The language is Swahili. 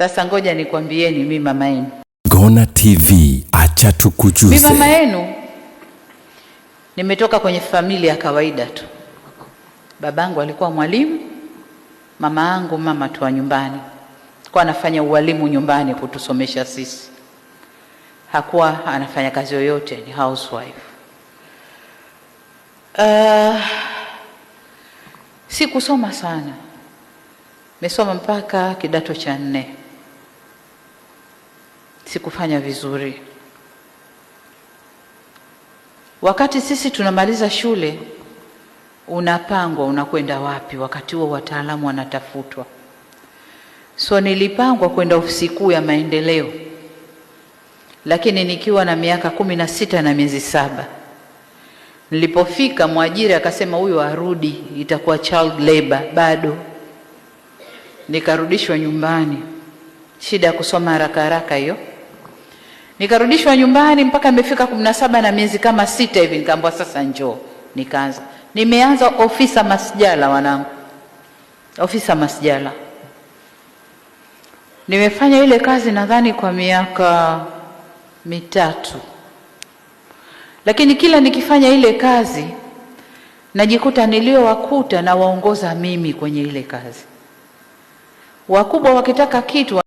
Sasa ngoja nikwambieni, mi mama yenu Gona TV, acha tukujuze. Mi mama yenu nimetoka kwenye familia ya kawaida tu. Babangu alikuwa mwalimu, mama yangu mama tu wa nyumbani, kwa anafanya ualimu nyumbani kutusomesha sisi, hakuwa anafanya kazi yoyote, ni housewife. Uh, sikusoma sana, mesoma mpaka kidato cha nne sikufanya vizuri. Wakati sisi tunamaliza shule, unapangwa unakwenda wapi. Wakati huo wataalamu wanatafutwa, so nilipangwa kwenda ofisi kuu ya maendeleo, lakini nikiwa na miaka kumi na sita na miezi saba Nilipofika mwajiri akasema huyo arudi, itakuwa child labor bado. Nikarudishwa nyumbani, shida ya kusoma haraka haraka hiyo. Nikarudishwa nyumbani mpaka nimefika kumi na saba na miezi kama sita hivi, nikaambiwa sasa njoo. Nikaanza, nimeanza ofisa masijala, wanangu, ofisa masijala. Nimefanya ile kazi nadhani kwa miaka mitatu, lakini kila nikifanya ile kazi najikuta niliowakuta na waongoza mimi kwenye ile kazi, wakubwa wakitaka kitu